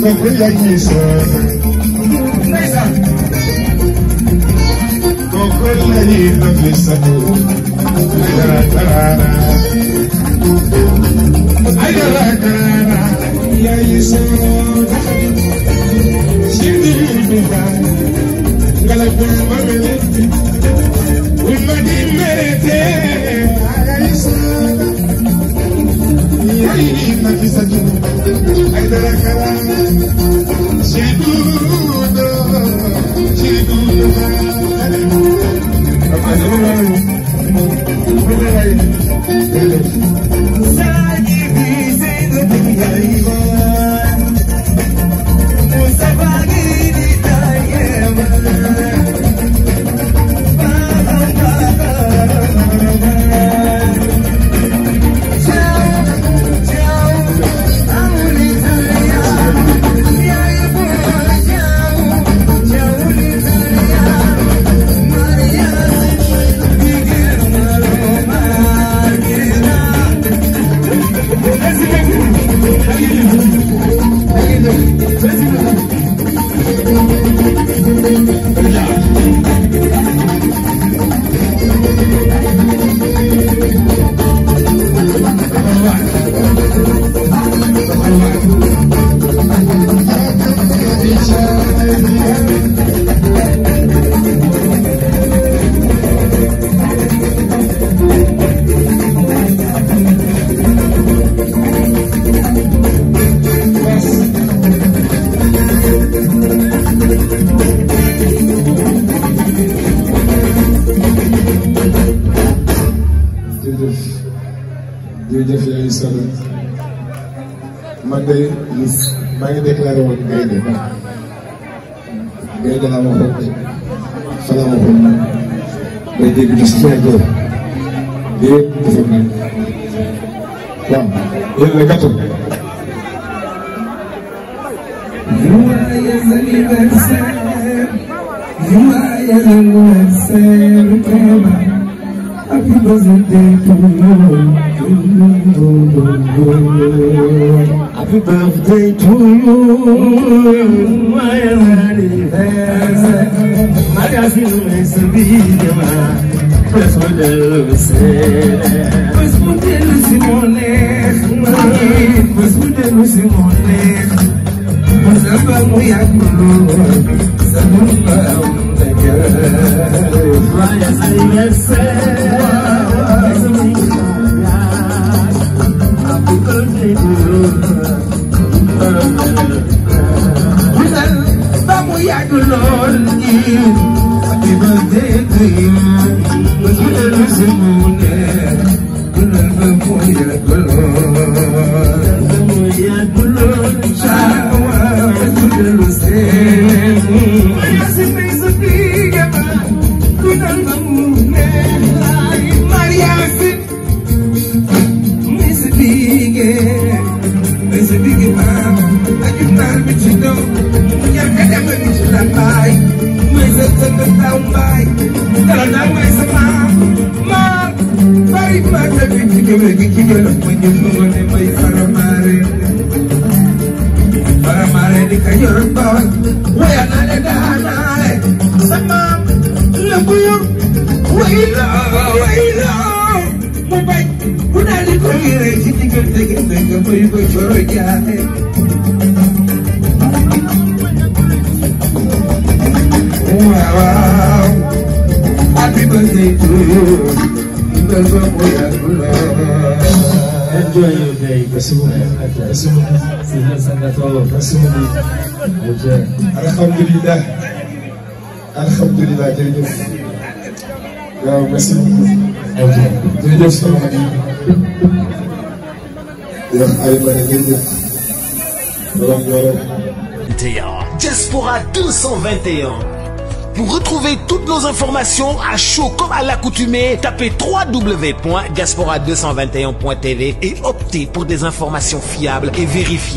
sopp la gis kooku la ñuy fàttali sa tur Aïdara Karara Aïdara Karara yaay sopp déclaré woon gaynde ndax gaynde laa waxoon fa laa waxoon moom day dégg di si ñaar góor yéen defoon nañ waaw yéen la gàttal You are the Happy birthday to you. Happy birthday to you. My anniversary. My anniversary. Bless my love, say. Bless my love, Simone. Bless my love, Simone. دمه يموت سلم أمتك يا حي السلام baay may sa sa kër taw baay dara naa may sa maam maam bari ma tamit ci gëwël gi ci gëlëm ma ñëpp ka yor baay waya naa le daa la ko yor wayla mu bañ ku daal ko yére ci diggante gi nga may ko coro jaate Happy birthday to you. Enjoy your day, Rasulullah. Rasulullah. Rasulullah. Rasulullah. Enjoy. Alhamdulillah. Alhamdulillah. Jërëjëf. Waaw, merci beaucoup. Enjoy. Jërëjëf sama mag yi. Yow ay ma ne jërëjëf. Borom borom. Diaspora 221. Pour retrouver toutes nos informations à chaud comme à l'accoutumée, tapez www.diaspora221.tv et optez pour des informations fiables et vérifiées.